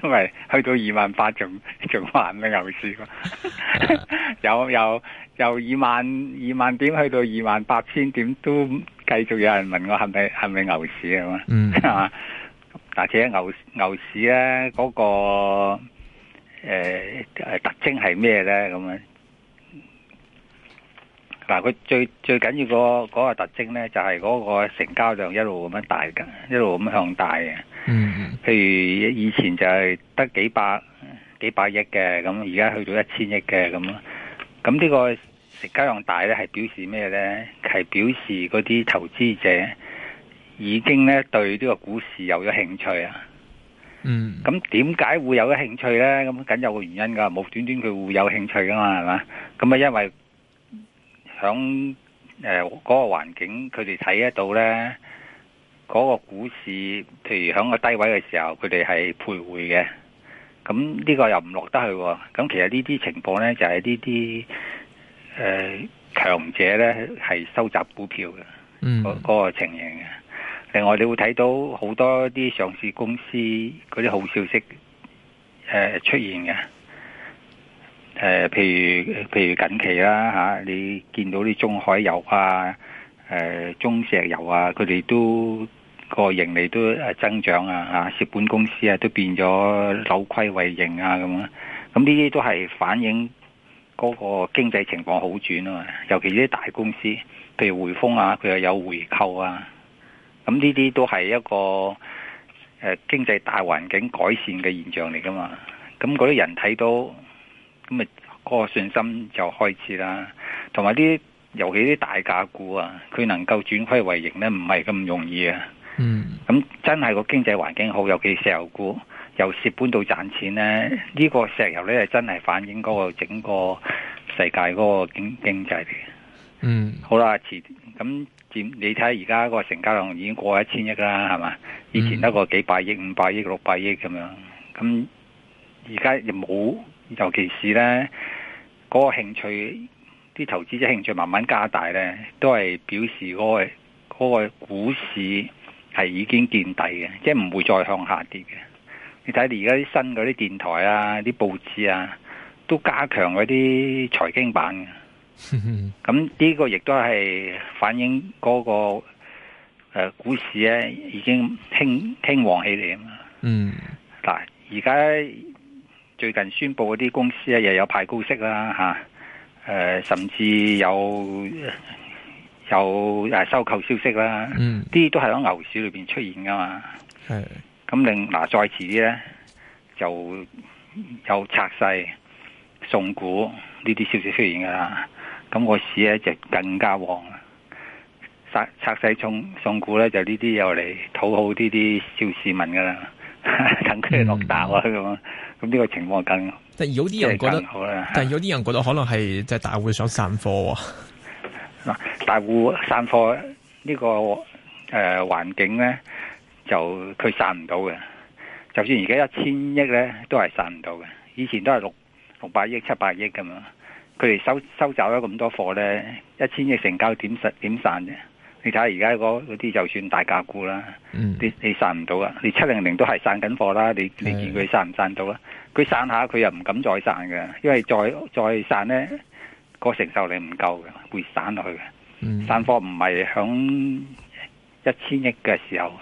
因為 去到二萬八仲仲話咩牛市？有 有由二萬二萬點去到二萬八千點都繼續有人問我係咪係咪牛市啊嘛？嗯，係嘛？ 但係牛牛市咧嗰、嗰個誒誒、呃、特徵係咩咧？咁樣嗱，佢最最緊要嘅、那個嗰、嗰個特徵咧，就係、係、嗰個成交量一路咁樣大嘅，一路咁向大嘅。嗯。譬如以前就係得幾百幾百億嘅，咁而家去到一千億嘅咁咯。咁呢個成交量大咧，係表示咩咧？係表示嗰啲投資者已經咧對呢個股市有咗興趣啊。嗯。咁點解會有咗興趣咧？咁梗有個原因噶，冇端端佢會有興趣噶嘛，係嘛？咁啊，因為響誒嗰個環境，佢哋睇得到咧。嗰個股市，譬如喺個低位嘅時候，佢哋係徘徊嘅。咁呢個又唔落得去。咁其實呢啲情況呢，就係呢啲誒強者呢係收集股票嘅，嗰個、嗰個情形嘅。另外，你會睇到好多啲上市公司嗰啲好消息誒出現嘅。誒、呃，譬如譬如近期啦吓、啊，你見到啲中海油啊，誒、呃、中石油啊，佢哋都個盈利都增長啊吓，蝕本公司啊都變咗扭虧為盈啊咁啊，咁呢啲都係反映嗰個經濟情況好轉啊，尤其啲大公司，譬如匯豐啊，佢又有回購啊，咁呢啲都係一個誒經濟大環境改善嘅現象嚟噶嘛，咁嗰啲人睇到咁啊，嗰個信心就開始啦，同埋啲尤其啲大價股啊，佢能夠轉虧為盈呢，唔係咁容易啊。嗯，咁真係個經濟環境好，尤其是石油股由蝕本到賺錢咧，呢、這個石油咧係真係反映嗰個整個世界嗰個經經濟嘅。嗯，好啦，遲，咁，你睇下而家個成交量已經過一千億啦，係嘛？以前得個幾百億、五百億、六百億咁樣，咁而家又冇，尤其是呢，嗰、那個興趣，啲、那個、投資者興趣慢慢加大呢，都係表示嗰、那個嗰、那個股市。係已經見底嘅，即係唔會再向下跌嘅。你睇下而家啲新嗰啲電台啊、啲報紙啊，都加強嗰啲財經版嘅。咁呢 個亦都係反映嗰、那個誒、呃、股市咧、啊，已經興興旺起嚟啊嘛。嗯， 嗱，而家最近宣布嗰啲公司啊，又有派高息啦、啊，吓，誒，甚至有。就誒收購消息啦，啲、嗯、都係喺牛市裏邊出現噶嘛。係咁令嗱再遲啲咧，就有拆細送股呢啲消息出現噶啦。咁個市咧就更加旺。拆拆細送送股咧就呢啲又嚟討好呢啲小市民噶啦，等佢落答啊咁。咁呢、嗯、個情況更，但有啲人覺得，好但有啲人覺得可能係即係大戶想散貨。 嗱，大戶散貨、這個呃、呢個誒環境咧，就佢散唔到嘅。就算而家一千億咧，都係散唔到嘅。以前都係六六百億、七百億咁嘛，佢哋收收走咗咁多貨咧，一千億成交點點散啫。你睇下而家嗰啲就算大價股啦、mm. 啦，你你散唔到啊？你七零零都係散緊貨啦，你你見佢散唔散到啦？佢散下佢又唔敢再散嘅，因為再再散咧。個承受力唔夠嘅，會散落去嘅。嗯、散貨唔係響一千億嘅時候，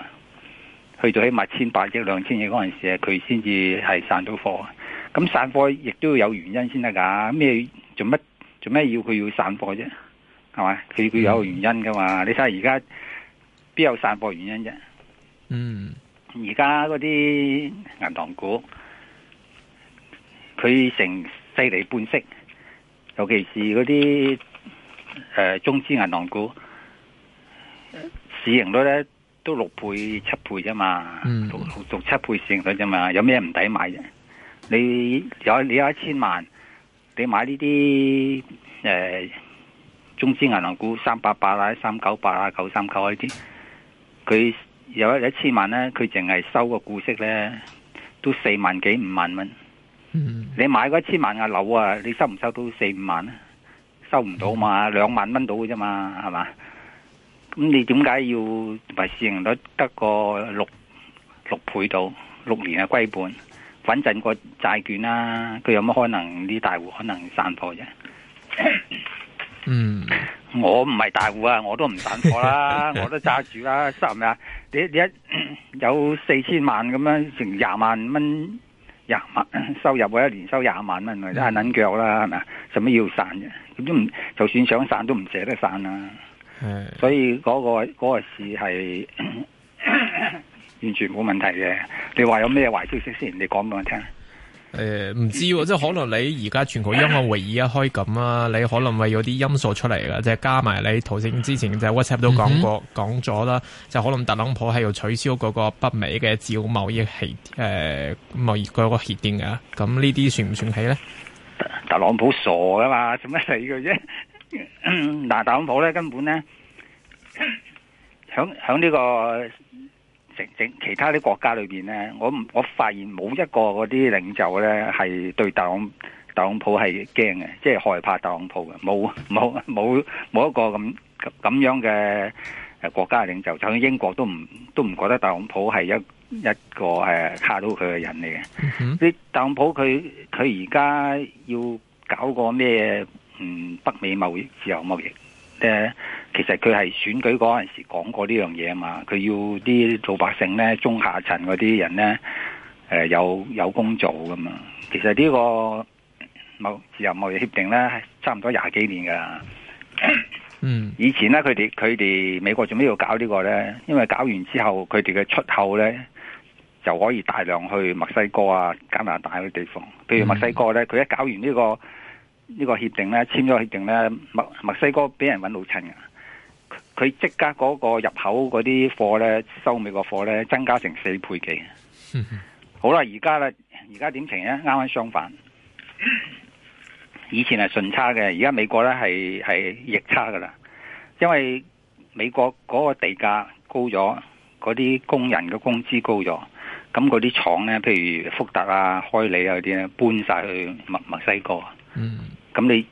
去到起碼千百億、兩千億嗰陣時，佢先至係散到貨。咁散貨亦都要有原因先得噶。咩做乜做咩要佢要散貨啫？係咪？佢佢有原因噶嘛？你睇下而家邊有散貨原因啫？嗯，而家嗰啲銀行股，佢成四厘半息。尤其是嗰啲誒，中資銀行股市盈率咧都六倍、七倍啫嘛，嗯、六六七倍市盈率啫嘛，有咩唔抵買啫？你有你有一千萬，你買呢啲誒，中資銀行股三八八啊、三九八啊、九三九啊呢啲，佢有一一千萬咧，佢淨係收個股息咧，都四萬幾五萬蚊。你買嗰一千萬嘅樓啊，你收唔收到四五萬啊？收唔到嘛，兩萬蚊到嘅啫嘛，係嘛？咁你點解要咪市盈率得個六六倍到六年嘅歸半，穩陣過債券啦、啊？佢有乜可能？啲大戶可能散貨啫？嗯，我唔係大戶啊，我都唔散貨啦、啊， 我都揸住啦，係咪啊？是是你你一有四千萬咁樣，成廿萬蚊。廿萬收入，我一年收廿萬蚊，真係捻腳啦，係咪？做咩要散嘅？咁都唔，就算想散都唔捨得散啦、啊。是的 所以嗰、嗰個、嗰個市係 完全冇問題嘅。你話有咩壞消息先？你講俾我聽。誒，唔、嗯、知即係可能你而家全球央行會議一開咁啊，你可能會有啲因素出嚟啦，即係加埋你頭先之前就 WhatsApp 都講過講咗啦，就、嗯、哼可能特朗普喺度取消嗰個北美嘅自貿貿易協誒貿易嗰個協定啊，咁呢啲算唔算起咧？特朗普傻噶嘛，做咩理佢啫？嗱， 特朗普咧根本咧響響呢、這個。其他啲國家裏面咧，我我發現冇一個嗰啲領袖咧係對特朗 n a l d d 係驚嘅，即係害怕特朗普嘅，冇冇冇冇一個咁咁樣嘅國家的領袖，就算英國都唔都唔覺得特朗普 a 係一一個誒、啊、卡到佢嘅人嚟嘅。d o n a 佢佢而家要搞個咩嗯北美貿易自由貿易。咧，其實佢係選舉嗰陣時講過呢樣嘢啊嘛，佢要啲老百姓咧，中下層嗰啲人咧，誒、呃、有有工做㗎嘛。其實呢個自由貿易協定咧，差唔多廿幾年噶啦。嗯，以前咧，佢哋佢哋美國做咩要搞這個呢個咧？因為搞完之後，佢哋嘅出口咧就可以大量去墨西哥啊、加拿大嗰啲地方。譬如墨西哥咧，佢一搞完呢、這個。這個協呢個協定咧，簽咗協定咧，墨墨西哥俾人揾老襯嘅，佢即刻嗰個入口嗰啲貨咧，收美國貨咧，增加成四倍幾。 好啦，而家咧，而家點評咧？啱啱相反，以前係順差嘅，而家美國咧係係逆差嘅啦。因為美國嗰個地價高咗，嗰啲工人嘅工資高咗，咁嗰啲廠咧，譬如福特啊、開利啊嗰啲咧，搬晒去墨墨西哥。嗯。 咁你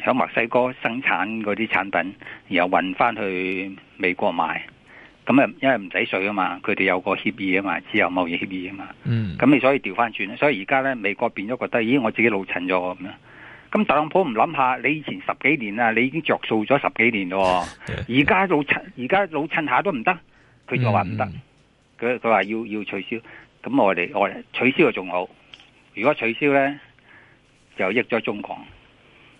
喺墨西哥生產嗰啲產品，然後運翻去美國賣。咁啊，因為唔使稅啊嘛，佢哋有個協議啊嘛，自由貿易協議啊嘛。嗯。咁你所以調翻轉，所以而家咧美國變咗覺得，咦，我自己老襯咗咁樣。咁特朗普唔諗下，你以前十幾年啊，你已經着數咗十幾年咯。而家 老，老襯，而家老襯下都唔得，佢就話唔得。佢佢話要要取消，咁我哋我取消就仲好，如果取消咧，就益咗中國。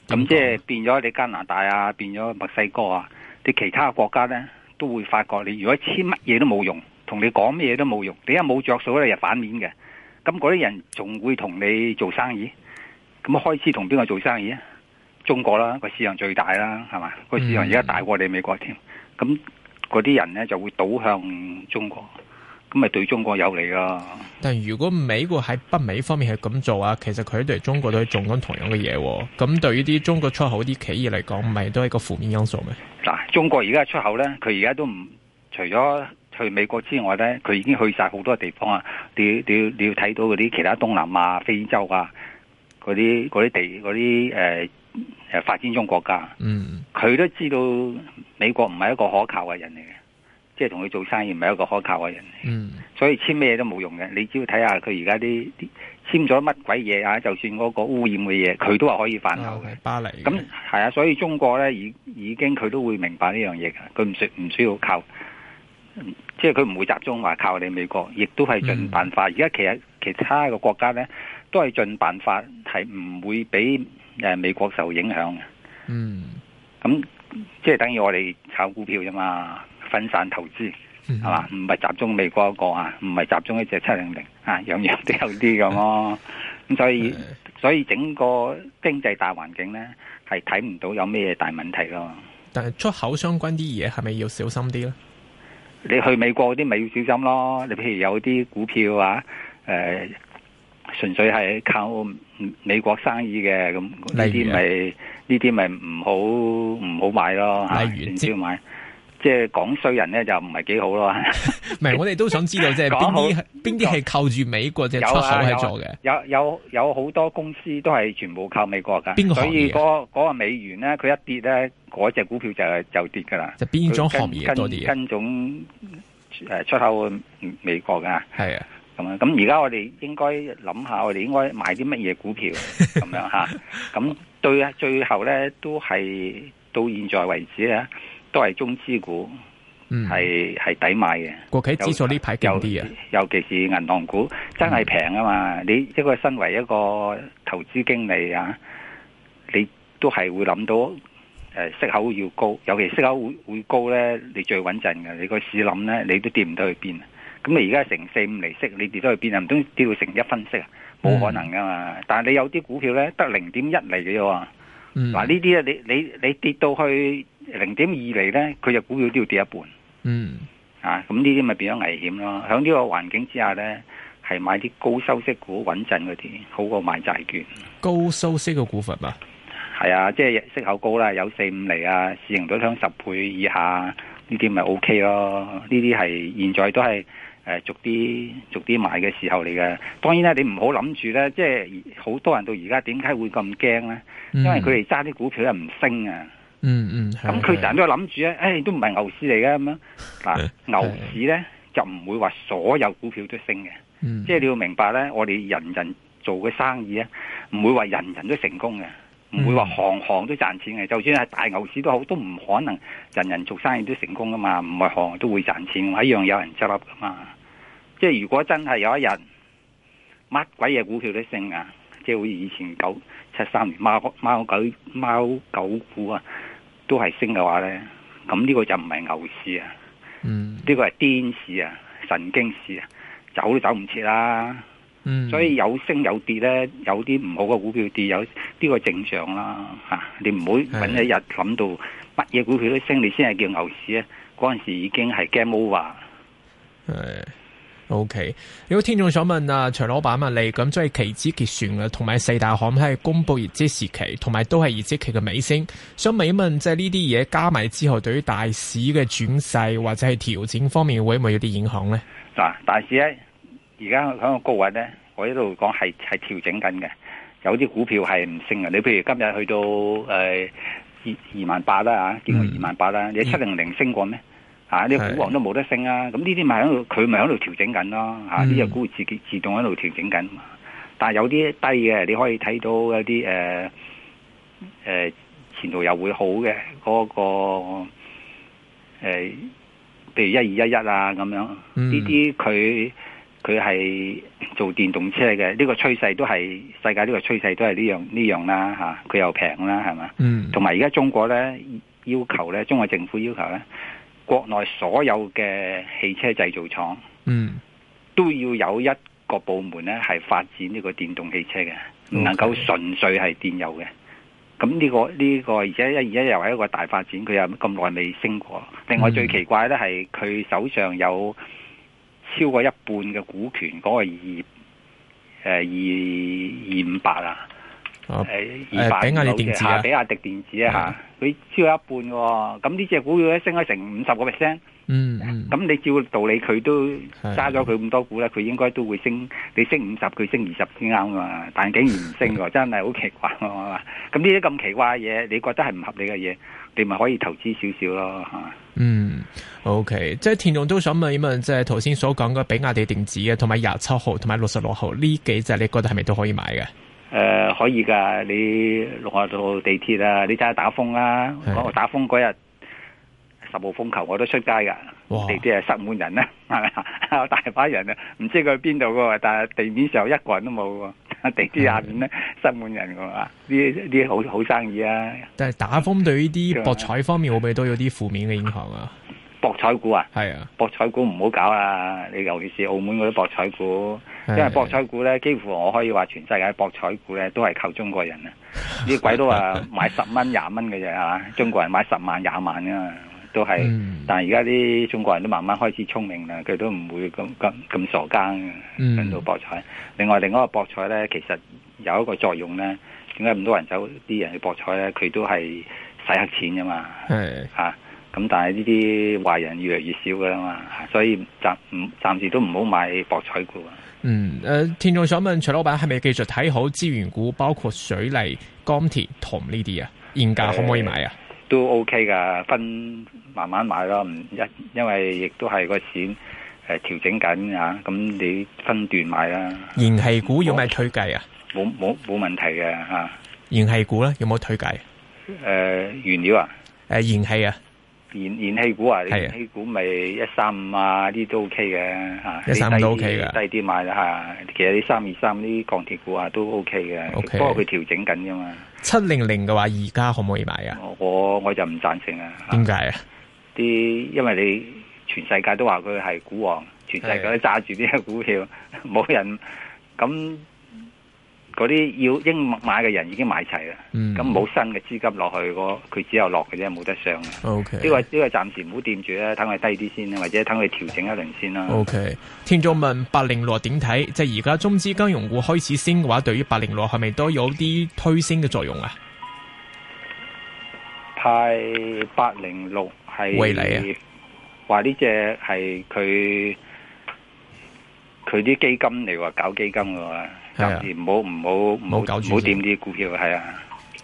咁、嗯、即係變咗你加拿大啊，變咗墨西哥啊，啲其他國家呢，都會發覺你如果簽乜嘢都冇用，同你講乜嘢都冇用，你一冇着數咧，你又反面嘅，咁嗰啲人仲會同你做生意，咁開始同邊個做生意啊？中國啦，個市場最大啦，係嘛？個市場而家大過你美國添，咁嗰啲人呢，就會倒向中國。咁咪對中國有利啊！但如果美國喺北美方面係咁做啊，其實佢對中國都做緊同樣嘅嘢，咁對於啲中國出口啲企業嚟講，唔係都係一個負面因素咩？嗱，中國而家出口咧，佢而家都唔除咗去美國之外咧，佢已經去晒好多地方啊！你要你要你要睇到嗰啲其他東南啊、非洲啊，嗰啲啲地嗰啲誒誒發展中國家，嗯，佢都知道美國唔係一個可靠嘅人嚟嘅。即係同佢做生意唔係一個可靠嘅人，嗯、所以簽咩嘢都冇用嘅。你只要睇下佢而家啲簽咗乜鬼嘢啊！就算嗰個污染嘅嘢，佢都話可以反口嘅巴黎。咁係啊，所以中國咧已已經佢都會明白呢樣嘢㗎，佢唔需唔需要靠，即係佢唔會集中話靠你美國，亦都係盡辦法。而家、嗯、其實其他嘅國家咧都係盡辦法，係唔會俾誒美國受影響嘅。嗯，咁即係等於我哋炒股票啫嘛。分散投資係嘛？唔係集中美國一個啊，唔係集中一隻七零零啊，樣樣都有啲咁咯。咁 所以所以整個經濟大環境咧，係睇唔到有咩大問題咯。但係出口相關啲嘢係咪要小心啲咧？你去美國啲咪要小心咯，你譬如有啲股票啊，誒、呃，純粹係靠美國生意嘅咁，呢啲咪呢啲咪唔好唔如好買咯。遠之如嗎買。即係講衰人咧，就唔係幾好咯。係 我哋都想知道即係邊啲邊啲係靠住美國嘅出口喺做嘅，啊。有有有好多公司都係全部靠美國噶。邊個行業？所以嗰，那，嗰，個那個美元咧，佢一跌咧，嗰隻股票就係就跌噶啦。就邊種行業多啲。跟種誒出口的美國噶係啊，咁咁而家我哋應該諗下，我哋應該買啲乜嘢股票咁 樣吓？咁對啊，最後咧都係到現在為止都係中資股，係係抵買嘅。國企指數呢排勁啲啊，尤其是銀行股真係平啊嘛。你一個身為一個投資經理啊，你都係會諗到誒息口要高，尤其息口會會高咧，你最穩陣嘅。你個市諗咧，你都跌唔到去邊。咁你而家成四五厘息，你跌到去邊啊？唔通跌到成一分息啊？冇可能噶嘛。但係你有啲股票咧，得零點一厘嘅啫。嗱，呢啲咧，你你你跌到去零點二厘咧，佢就股票都要跌一半。嗯，啊，咁呢啲咪變咗危險咯。喺呢個環境之下咧，係買啲高收息股穩陣嗰啲，好過買債券。高收息嘅股份啊，係啊，即係息口高啦，有四五厘啊，市盈率響十倍以下，呢啲咪 OK 咯。呢啲係現在都係。誒，逐啲逐啲買嘅時候嚟嘅。當然啦，你唔好諗住咧，即係好多人到而家點解會咁驚咧？嗯、因為佢哋揸啲股票又唔升啊、嗯。嗯嗯。咁佢成日都諗住咧，誒、哎、都唔係牛市嚟嘅咁樣。嗱，牛市咧就唔會話所有股票都升嘅。即係、嗯、你要明白咧，我哋人人做嘅生意咧，唔會話人人都成功嘅，唔會話行行都賺錢嘅。嗯、就算係大牛市都好，都唔可能人人做生意都成功噶嘛。唔係行行都會賺錢，一樣有人執笠噶嘛。即係如果真係有一日乜鬼嘢股票都升啊，即係好似以前九七三年貓貓狗貓狗股啊，都係升嘅話咧，咁呢個就唔係牛市啊，嗯、呢個係癲市啊，神經市啊，走都走唔切啦。嗯、所以有升有跌咧，有啲唔好嘅股票跌，有呢、呢個正常啦吓、啊。你唔好搵一日諗到乜嘢股票都升，的你先係叫牛市啊。嗰陣時已經係 game over。係。OK，有位聽眾想問啊，徐老闆問、啊、你，咁即係期指結算啊，同埋四大行係公布業績時期，同埋都係業績期嘅尾聲，想問一問，即係呢啲嘢加埋之後，對於大市嘅轉勢或者係調整方面，會唔會有啲影響咧？嗱、啊，大市咧，而家喺個高位咧，我呢度講係係調整緊嘅，有啲股票係唔升嘅，你譬如今日去到誒、呃、二二萬八啦吓，跌、啊、到二萬八啦，嗯、你七零零升過咩？嗯吓，啲、啊這個、股王都冇得升啦、啊。咁呢啲咪喺度，佢咪喺度調整緊咯。吓、啊，呢隻、嗯、股會自己自動喺度調整緊。但係有啲低嘅，你可以睇到有啲誒誒，前途又會好嘅嗰、那個誒、呃，比如一二一一啊咁樣。呢啲佢佢係做電動車嘅，呢、這個趨勢都係世界呢個趨勢都係呢樣呢樣啦。吓、啊，佢又平啦，係嘛？同埋而家中國咧要求咧，中國政府要求咧。國內所有嘅汽車製造廠，嗯，都要有一個部門咧，係發展呢個電動汽車嘅，唔能夠純粹係電油嘅。咁呢個呢個，而且一而家又係一個大發展，佢又咁耐未升過。另外最奇怪咧係佢手上有超過一半嘅股權，嗰、那個二，誒、呃、二二五八啊！誒，誒、哎，比亞、啊、迪電子啊，比亞迪電子啊，吓，佢超過一半，咁呢隻股票果升咗成五十個 percent，嗯，咁你照道理佢都揸咗佢咁多股咧，佢、啊、應該都會升，你升五十佢升二十先啱啊。但竟然唔升喎，啊、真係好奇怪，咁呢啲咁奇怪嘅嘢，你覺得係唔合理嘅嘢，你咪可以投資少少咯吓。嗯，OK，即係田總都想問一問，即係頭先所講嘅比亞迪電子啊，同埋廿七號同埋六十六號呢幾隻，你覺得係咪都可以買嘅？誒、呃，可以噶，你落到地鐵啊，你睇下打風啦、啊，的我打風嗰日十號風球我都出街噶，哇地鐵係塞滿人啦，係大把人啊，唔 知佢去邊度嘅，但係地面上一個人都冇，地鐵下面咧塞滿人，係嘛？呢啲好好生意啊！但係打風對於啲博彩方面，的會唔會都有啲負面嘅影響啊？博彩股啊，係啊！博彩股唔好搞啊！你尤其是澳門嗰啲博彩股，啊、因為博彩股咧，幾乎我可以話全世界博彩股咧都係靠中國人 啊！啲鬼都話買十蚊廿蚊嘅啫吓，中國人買十萬廿萬噶、啊，都係。嗯、但係而家啲中國人都慢慢開始聰明啦，佢都唔會咁咁咁傻更跟到博彩。嗯、另外，另外一個博彩咧，其實有一個作用咧，點解咁多人走啲人去博彩咧？佢都係洗黑錢㗎嘛，係咁但係呢啲壞人越嚟越少噶啦嘛，所以暫唔暫時都唔好買博彩股。嗯，誒、呃，聽眾想問徐老闆係咪繼續睇好資源股，包括水泥、鋼鐵、銅呢啲啊？現價可唔可以買啊、呃？都 OK 噶，分慢慢買咯。一因為亦都係個市誒調整緊啊，咁你分段買啦。燃氣股有冇推介啊？冇冇冇問題嘅吓。燃氣股咧有冇推介？誒、啊呃，原料啊？誒、呃，燃氣啊？燃燃氣股啊，燃氣股咪一三五啊啲都 OK 嘅，吓一三五都 OK 嘅，低啲買啦嚇。其實啲三二三啲鋼鐵股啊都 OK 嘅，OK 不過佢調整緊啫嘛。七零零嘅話，而家可唔可以買啊？我我就唔贊成啊。點解啊？啲因為你全世界都話佢係股王，全世界都揸住啲股票冇的人咁。嗰啲要應買嘅人已經買齊啦，咁冇、嗯、新嘅資金落去，佢只有落嘅啫，冇得上。O K，呢個呢、這個暫時唔好掂住啦，等佢低啲先，或者等佢調整一輪先啦。O K，聽眾問八零六點睇，即係而家中資金融股開始升嘅話，對於八零六係咪都有啲推升嘅作用啊？派八零六係，話呢隻係佢佢啲基金來說，嚟話搞基金嘅話。係，唔好唔好唔好搞，唔好掂啲股票，係啊。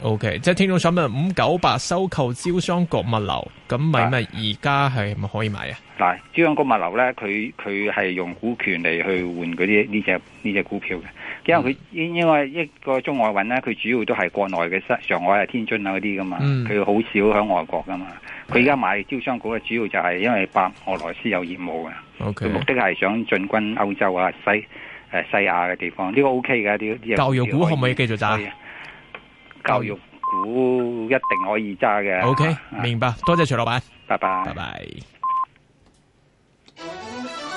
O、okay, K，即係聽眾想問五九八收購招商局物流，咁咪咪而家係咪可以買啊？嗱，招商局物流咧，佢佢係用股權嚟去換嗰啲呢隻呢隻股票嘅，因為佢因、嗯、因為一個中外運咧，佢主要都係國內嘅，上海啊、天津啊嗰啲噶嘛，佢好、嗯、少喺外國噶嘛。佢而家買招商局主要就係因為白俄羅斯有業務嘅，O K，目的係想進軍歐洲啊西。誒，西亞嘅地方呢、呢個 OK 嘅，啲、這、啲、個、教育股可唔可，可以繼續揸？教育股一定可以揸嘅。O Okay , K，、啊、明白，多謝徐老闆，拜拜，拜拜。